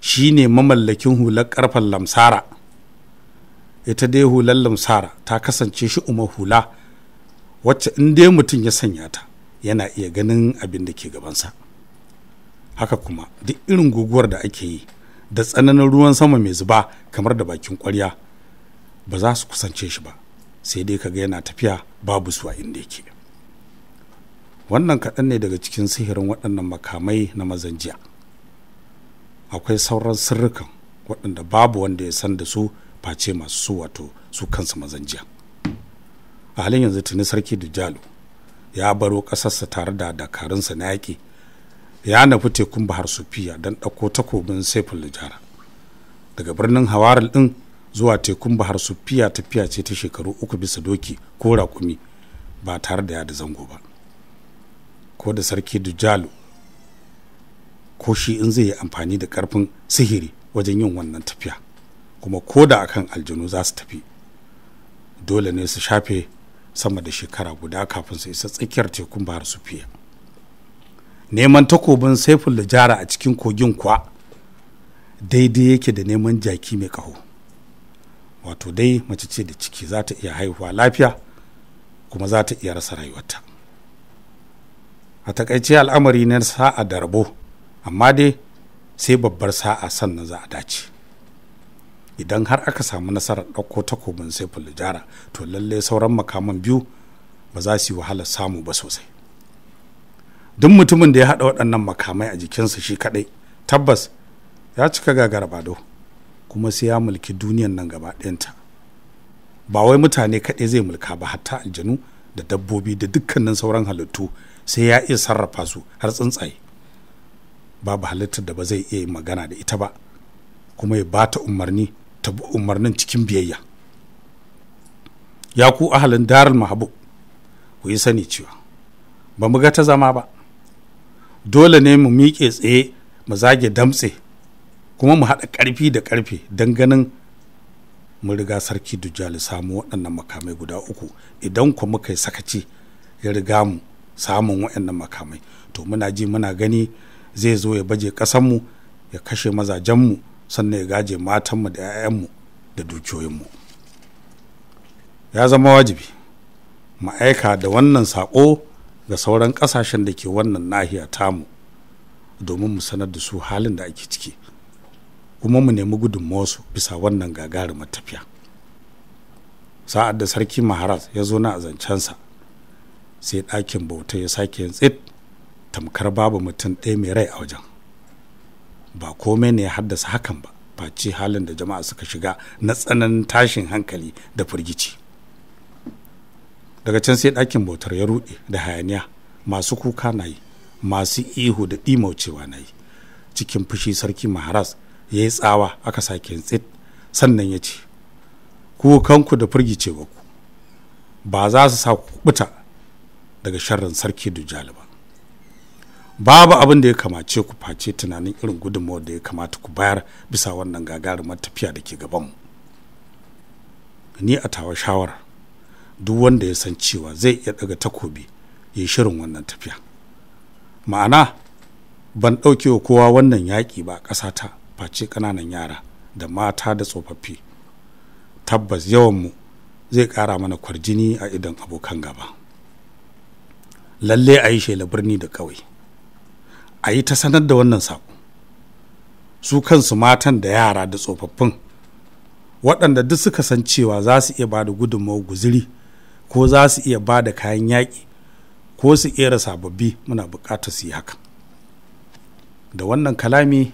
shi ne mamallakin hular karfan lamsara ita dai hular lamsara ta kasance shi umar hula wacce in dai mutum ya sanya ta yana iya ganin abin da ke gabansa. haka kuma duk irin guguwar da ake yi da tsananin ruwan sama mai zuba kamar da bakin kwarya ba za su kusance shi ba sai dai kaga yana tafiya babu su inda yake wannan kaɗan ne daga cikin sihirin waɗannan makamai na mazanjiya akwai sauran sirrukan waɗanda babu wanda ya san da su face masu su wato su kansu mazan a halin yanzu tuni sarki dujalu ya baro ƙasarsa tare da dakarunsa na yaƙi ya nufi tekun bahar sufiya don ɗauko takobin saifin lijara daga birnin hawarar ɗin zuwa tekun bahar sufiya tafiya ce ta shekaru uku bisa doki ko raƙumi ba tare da yada zango ba ko da sarki dujalu ko shi in zai yi amfani da ƙarfin sihiri wajen yin wannan tafiya kuma ko da akan aljanu za su tafi dole ne su shafe sama da shekara guda kafin su isa tsakiyar tekun bahar sufiya neman takobin saiful da jara a cikin kogin kuwa daidai yake da neman jaki mai kaho wato dai mace ce da ciki za ta iya haihuwa lafiya kuma za ta iya rasa rayuwarta a takaice al'amari na sa'a da rabo amma dai sai babbar sa'a sannan za a dace idan har aka samu nasarar ɗauko takobin da jara to lallai sauran makaman biyu ba za su yi wahalar samu ba sosai duk mutumin da ya haɗa waɗannan makamai a jikinsa shi kaɗai tabbas ya cika gagara bado kuma sai ya mulki duniyan nan gaba ɗayanta ba wai mutane kaɗai zai mulka ba hatta aljanu da dabbobi da dukkanin sauran halittu sai ya iya sarrafa su har tsuntsaye babu halittar da ba zai iya magana da ita ba kuma ya ba ta umarni ta bi umarnin cikin biyayya ya ku ahalin darul mahabu ku yi sani cewa ba mu ga ta zama ba dole ne mu miƙe tsaye mu zage damtse kuma mu haɗa ƙarfi da ƙarfe don ganin mu riga sarki dujjali samu waɗannan makamai guda uku idan ku muka yi sakaci ya riga mu samun waɗannan makamai to muna ji muna gani zai zo ya baje ƙasanmu ya kashe mazajenmu sannan ya gaje matanmu da 'ya'yanmu da dukiyoyinmu ya zama wajibi ma'aika da wannan saƙo ga sauran kasashen da ke wannan nahiya tamu domin mu sanar da su halin da ake ciki kuma mu nemi gudunmawarsu bisa wannan gagarumar tafiya sa'ad da sarki maharas ya zo na azancensa sai ɗakin bauta ya sake yin tsit tamkar babu mutum ɗaya mai rai a wajen ba komai ne ya haddasa hakan ba face halin da jama'a suka shiga na tsananin tashin hankali da firgici daga can sai ɗakin bautar ya ruɗe da hayaniya masu kuka na yi masu ihu da ɗimaucewa na yi cikin fushi sarki maharas ya yi tsawa aka sake tsit sannan ya ce kukanku da firgicewa ku ba za su sa ku kubuta daga sharrin sarki dujali ba babu abin da ya kamace ku face tunanin irin gudunmawar da ya kamata ku bayar bisa wannan gagarumar tafiya da ke gabanmu ni a tawa shawara duk wanda ya san cewa zai iya daga takobi ya shirin wannan tafiya ma'ana ban ɗauke wa kowa wannan yaƙi ba a ƙasata face ƙananan yara da mata da tsofaffi tabbas yawanmu zai ƙara mana kwarjini a idan abokan gaba lalle a yi shela birni da ƙauye a yi ta sanar da wannan saƙo su kansu matan da yara da tsofaffin waɗanda duk suka san cewa za su iya ba da gudunmawar guziri ko za su iya ba da kayan yaƙi ko su ƙera sababbi muna buƙatar su yi haka da wannan kalami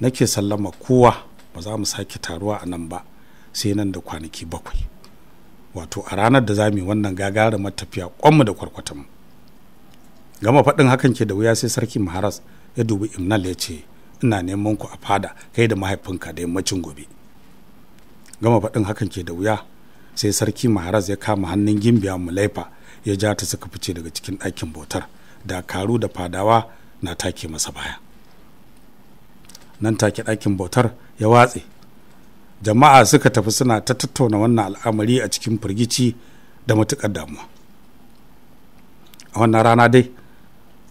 nake sallama kowa ba za mu sake taruwa a nan ba sai nan da kwanaki bakwai wato a ranar da za mu yi wannan gagarumar matafiya kwanmu da kwarkwatanmu gama faɗin hakan ke da wuya sai sarki maharas ya dubi imnal ya ce ina neman ku a fada kai da mahaifinka da yammacin gobe gama faɗin hakan ke da wuya sai sarki maharaz ya kama hannun gimbiya laifa ya ja ta suka fice daga cikin ɗakin bautar da karu da fadawa na take masa baya nan take ɗakin bautar ya watse jama'a suka tafi suna ta tattauna wannan al'amari a cikin firgici da matuƙar damuwa a wannan rana dai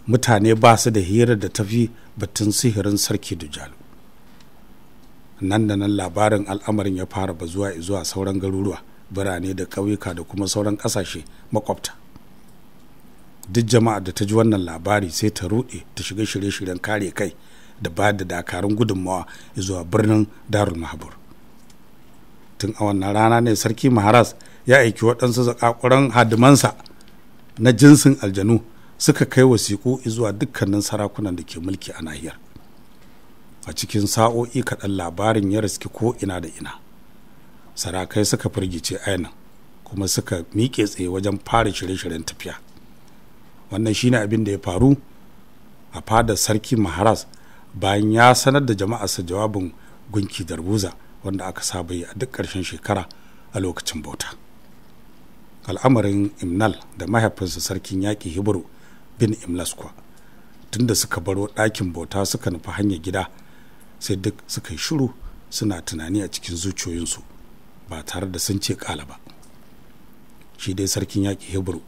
mutane ba su da hira da tafi batun sihirin sarki dujalu nan da nan labarin al'amarin ya fara bazuwa zuwa sauran garuruwa birane da ƙauyuka da kuma sauran ƙasashe makwabta duk jama'a da ta ji wannan labari sai ta ruɗe ta shiga shirye-shiryen kare kai da ba da dakarun gudunmawa zuwa birnin darul mahabur tun a wannan rana ne sarki maharas ya aiki waɗansu zakakuran hadimansa na jinsin aljanu suka kai wasiƙu zuwa dukkanin sarakunan da ke mulki a nahiyar a cikin sa'o'i kaɗan labarin ya riski ko ina da ina sarakai suka firgice ainihin kuma suka miƙe tsaye wajen fara shirye-shiryen tafiya wannan shine abin da ya faru a fadar sarki maharas bayan ya sanar da jama'arsa jawabin gunki darbuza wanda aka saba yi a duk ƙarshen shekara a lokacin bauta al'amarin imnal da mahaifinsa sarkin yaƙi hibiru bin imlaskwa tun tunda suka baro ɗakin bauta suka nufi hanyar gida sai duk suka yi shiru suna tunani a cikin zuciyoyinsu ba tare da sun ce kala ba shi dai sarkin yaƙi hebru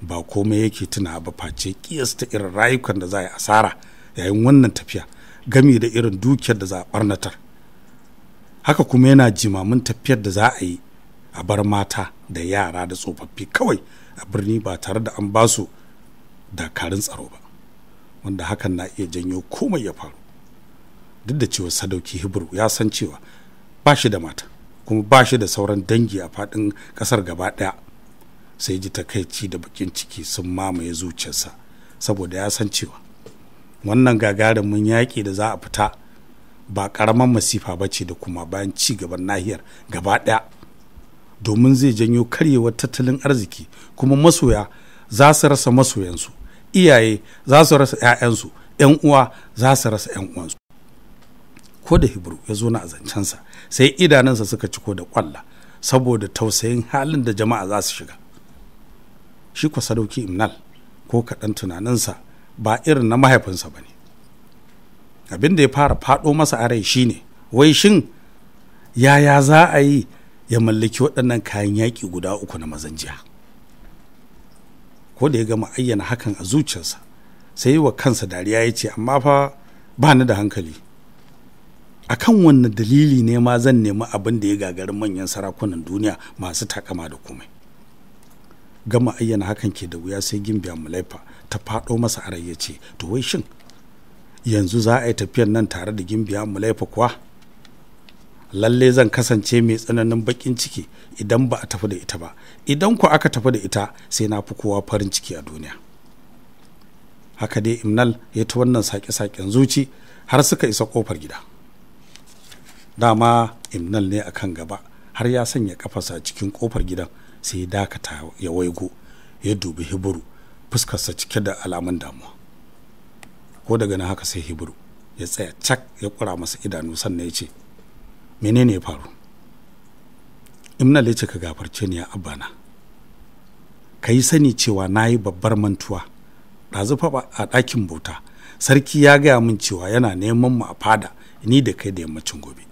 ba komai yake tuna ba face kiyasta irin rayukan da za a yi asara yayin wannan tafiya gami da irin dukiyar da za a barnatar haka kuma yana jimamin tafiyar da za a yi a bar mata da yara da tsofaffi kawai a birni ba tare da an ba su dakarun tsaro ba wanda hakan na iya janyo komai ya faru duk da cewa sadauki hibru ya san cewa ba shi da mata kuma ba shi da sauran dangi a faɗin ƙasar gaba ɗaya sai ji takaici da bakin ciki sun mamaye zuciyarsa saboda ya san cewa wannan gagarumin yaƙi da za a fita ba ƙaramin masifa ba ce da kuma bayan ci gaban nahiyar gaba ɗaya domin zai janyo karyewar tattalin arziki kuma masoya za su rasa masoyansu iyaye za su rasa 'ya'yansu 'yan uwa za su rasa 'yan uwansu ko da hibru ya zo na azancensa sai idanunsa suka ciko da kwalla saboda tausayin halin da jama'a za su shiga shi kwa sadauki imnal ko kaɗan tunaninsa ba irin na mahaifinsa ba ne abin da ya fara faɗo masa a rai shine wai shin yaya za a yi ya mallaki waɗannan kayan yaƙi guda uku na mazanjiya ko da ya gama ayyana hakan a zuciyarsa sai wa kansa dariya ya ce amma fa ba ni da hankali a kan wanne dalili ne ma zan nemi abin da ya gagarin manyan sarakunan duniya masu takama da komai gama ayyana hakan ke da wuya sai gimbiya mulaifa ta faɗo masa arai ya ce to wai shin yanzu za a yi tafiyar nan tare da gimbiya mulaifa kuwa lalle zan kasance mai tsananin baƙin ciki idan ba a tafi da ita ba idan ku aka tafi da ita sai na fi kowa farin ciki a duniya haka dai imnal ya ta wannan sake-saken zuci har suka isa kofar gida dama imnal ne a kan gaba har ya sanya kafasa cikin kofar gidan sai dakata ya waigo ya dubi hiburu fuskarsa cike da alamun damuwa ko daga nan haka sai hiburu ya tsaya cak ya kura masa idanu sannan ya ce menene ya faru imnal ya ce ka gafarce ni ya abana ka yi sani cewa na yi babbar mantuwa ɗazu faɓa a ɗakin bauta sarki ya gaya min cewa yana neman mu a fada ni da kai da yammacin gobe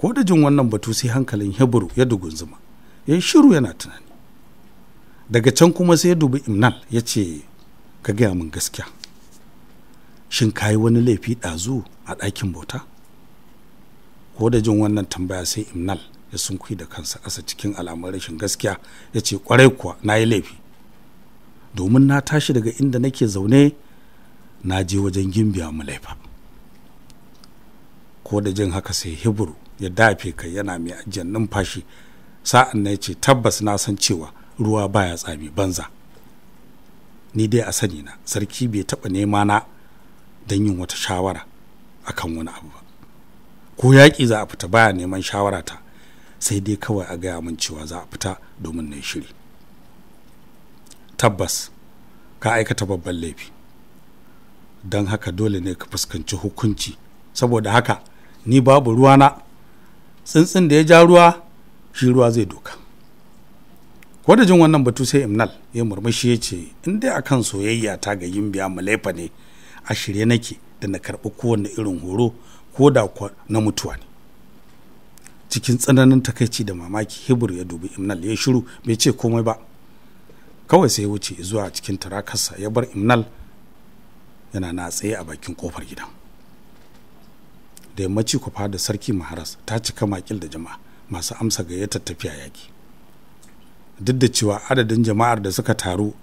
ko da jin wannan batu sai hankalin hebru ya dugunzuma ya yi shiru yana tunani daga can kuma sai ya dubi imnal ya ce ka gaya min gaskiya shin kayi wani laifi ɗazu a ɗakin bauta ko da jin wannan tambaya sai imnal ya sunkuyi da kansa ƙasa cikin alamar rashin gaskiya ya ce kwarai kuwa na yi laifi domin na tashi daga inda nake zaune na je wajen gimbiya mu laifa ko da jin haka sai hebru ya dafe kai yana mai ajiyar numfashi sa'an na ya ce tabbas na san cewa ruwa baya tsami banza ni dai a sani na sarki bai taɓa nema na don yin wata shawara akan wani abu ba ko yaƙi za a fita baya neman shawara ta sai dai kawai a gaya min cewa za a fita domin na yi shiri tabbas ka aikata babban laifi don haka dole ne ka fuskanci hukunci saboda haka ni babu ruwana tsuntsun da ya ja ruwa shi ruwa zai doka ko da jin wannan batu sai imnal ya murmushi ya ce in dai akan soyayya ta ga yin biya malefa ne a shirye nake da na karɓi kowane irin horo ko da na mutuwa ne cikin tsananin takaici da mamaki hibir ya dubi imnal ya shiru bai ce komai ba kawai sai ya wuce zuwa cikin tarakarsa ya bar imnal yana na tsaye a bakin kofar gidan da yammaci ku da sarki maharas ta cika makil da jama'a masu amsa gayyatar tafiya yaki duk da cewa adadin jama'ar da suka taru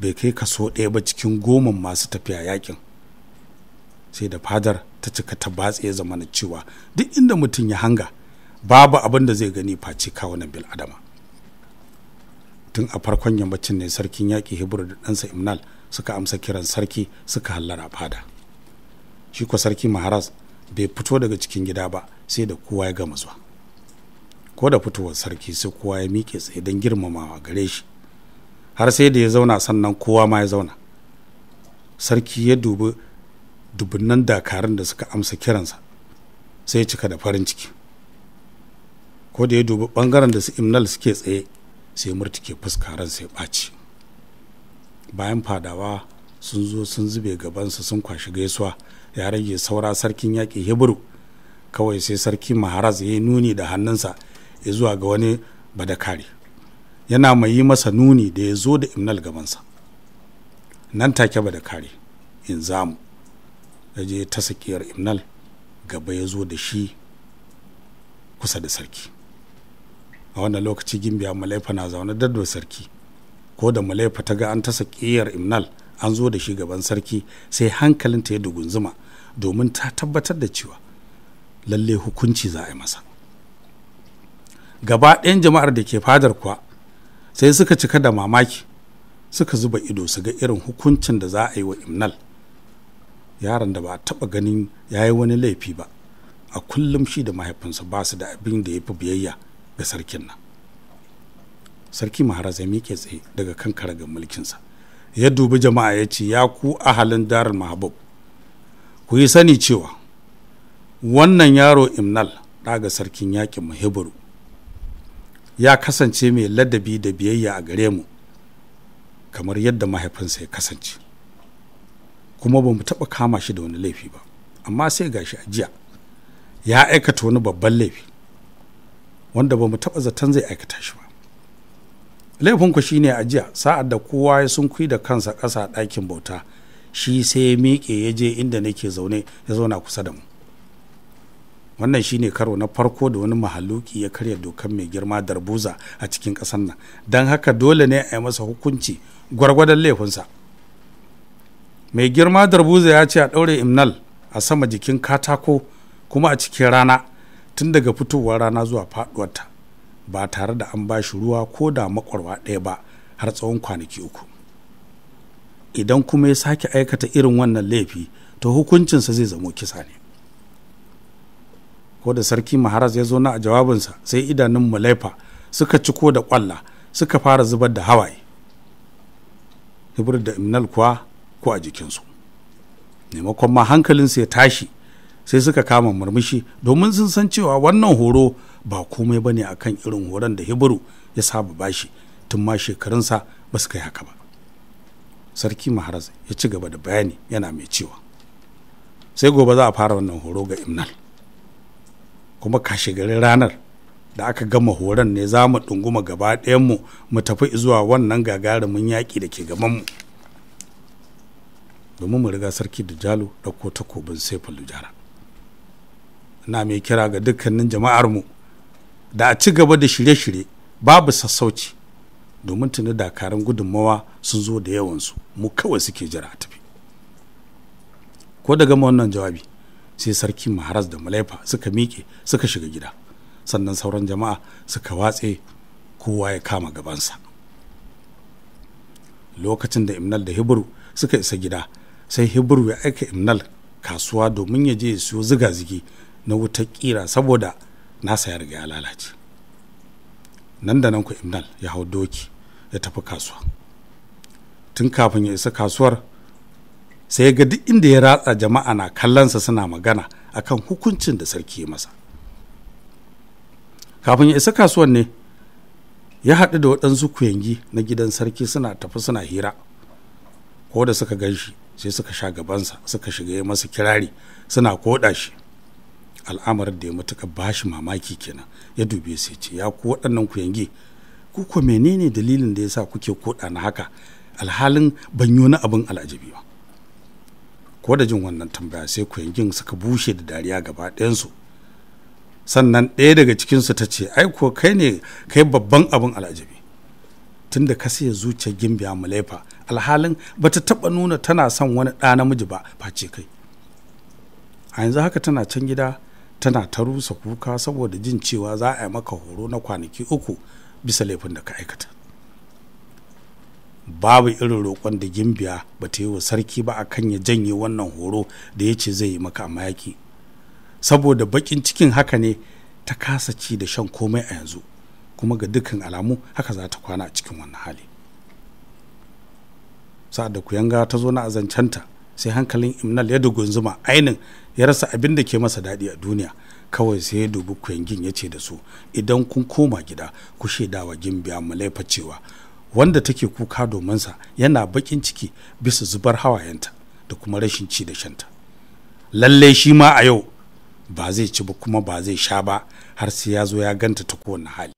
bai kai kaso ɗaya ba cikin goma masu tafiya yakin sai da fadar ta cika ta batse zamana cewa duk inda mutum ya hanga babu abin da zai gani face na bil adama tun a farkon yammacin ne sarkin yaƙi hibir da ɗansa imnal suka amsa kiran sarki suka hallara fada shi ko sarki maharas bai fito daga cikin gida ba sai da kowa ya gama zuwa ko da fitowar sarki sai kowa ya miƙe tsaye don girmamawa gare shi har sai da ya zauna sannan kowa ma ya zauna sarki ya dubi dubunnan dakarun da suka amsa kiransa sai ya cika da farin ciki ko da ya dubi bangaren da su imnal suke tsaye sai murtuke fuska ran sai ɓaci bayan fadawa sun zo sun zube gabansa sun kwashi gaisuwa ya rage saura sarkin yaƙi hebru kawai sai sarki maharaz ya yi nuni da hannunsa ya zuwa ga wani badakare yana mai yi masa nuni da ya zo da imnal gabansa nan take badakare in zamu ya je ta sakiyar imnal gaba ya zo da shi kusa da sarki a wannan lokaci gimbiya malaifa na zaune daddo sarki ko da malaifa ta ga an ta sakiyar imnal an zo da shi gaban sarki sai hankalinta ya dugunzuma domin ta tabbatar da cewa lalle hukunci za a yi masa gaba ɗayan jama'ar da ke fadar kuwa sai suka cika da mamaki suka zuba ido su ga irin hukuncin da za a yi wa imnal yaron da ba a taɓa ganin ya yi wani laifi ba a kullum shi da mahaifinsa ba su da abin da ya fi biyayya ga sarkin nan sarki maharaja miƙe tsaye daga kan ga mulkinsa ya dubi jama'a ya ce ya ku ahalin darin mahabub ku yi sani cewa wannan yaro imnal ɗaga sarkin yaƙin mu ya kasance mai ladabi da biyayya a gare mu kamar yadda mahaifinsa ya kasance kuma ba mu taɓa kama shi da wani laifi ba amma sai gashi a jiya ya aikata wani babban laifi wanda ba mu taɓa zaton zai aikata shi ba laifinku shine a jiya sa'ad da kowa ya sunkui da kansa ƙasa ɗakin bauta shi sai ya miƙe ya je inda nake zaune ya zauna kusa da mu wannan shine karo na farko da wani mahaluki ya karya dokan mai girma darbuza a cikin ƙasar nan don haka dole ne a yi masa hukunci gwargwadon laifinsa mai girma darbuza ya ce a ɗaure imnal a sama jikin katako kuma a cikin rana tun daga fitowar rana zuwa faɗuwarta ba tare da an ba shi ruwa ko da makwarwa ɗaya ba har tsawon kwanaki uku idan kuma ya sake aikata irin wannan laifi to hukuncinsa zai zamo kisa ne ko da sarki maharas ya zo na a jawabinsa sai idanun malaifa suka ci ko da kwalla suka fara zubar da hawaye hibir da imnal kuwa ko a jikinsu maimakon ma hankalinsu ya tashi sai suka kama murmushi domin sun san cewa wannan horo ba komai ba bane akan irin horon da hibiru ya saba bashi tun ma shekarunsa ba su kai haka ba sarki maharaz ya ci gaba da bayani yana mai cewa sai gobe za a fara wannan horo ga imnal kuma kashe garin ranar da aka gama horon ne za mu ɗunguma gaba ɗayanmu mu tafi zuwa wannan gagarumin yaƙi da ke gabanmu domin mu riga sarki da jalo ɗauko takobin saifin lujara na mai kira ga dukkanin jama'armu da a ci gaba da shirye-shirye babu sassauci domin tuni dakarun gudunmawa sun zo da yawansu mu kawai suke jira a tafi ko da gama wannan jawabi sai sarki maharas da malaifa suka miƙe suka shiga gida sannan sauran jama'a suka watse kowa ya kama gabansa lokacin da imnal da hiburu suka isa gida sai hibru ya aika imnal kasuwa domin ya je ya siyo ziga-zigi na wutar kira saboda nasa ya riga ya lalace nan da nan ku imnal ya hau doki ya tafi kasuwa tun kafin ya isa kasuwar sai ga duk inda ya ratsa jama'a na kallonsa suna magana akan hukuncin da sarki ya masa kafin ya isa kasuwar ne ya haɗu da waɗansu kuyangi na gidan sarki suna tafi suna hira ko da suka ganshi sai suka sha gabansa suka shiga ya masa kirari suna koɗa shi al'amarin da ya matuka bashi mamaki kenan ya dube sai ce ya ku waɗannan ku yange ku ko menene dalilin da ya sa kuke koɗa na haka alhalin ban yi wani abin al'ajabi ba ko da jin wannan tambaya sai ku yangin suka bushe da dariya gaba ɗayansu sannan ɗaya daga cikinsu ta ce ai ko kai ne kai babban abin al'ajabi tunda ka saya zuciyar gimbiya mulaifa alhalin bata ta taɓa nuna tana son wani ɗa namiji ba face kai a yanzu haka tana can gida tana ta rusa kuka saboda jin cewa za a yi maka horo na kwanaki uku bisa laifin da ka aikata babu irin roƙon da gimbiya ba ta yi wa sarki ba akan ya janye wannan horo da ya ce zai yi maka a mayaki saboda baƙin cikin haka ne ta kasa ci da shan komai a yanzu kuma ga dukkan alamu haka za ta kwana a cikin wannan hali sa'ad da kuyanga ta zo na azancanta sai hankalin imnal ya dugunzuma ainin ya rasa abin da ke masa daɗi a duniya kawai sai ya dubi kwangin ya ce da su idan kun koma gida ku shaida wa gimbiya mu laifa wanda take kuka domin sa yana bakin ciki bisa zubar hawayenta da kuma rashin ci da shanta lallai shi ma a yau ba zai ci ba kuma ba zai sha ba har sai ya zo ya ganta ta kowane hali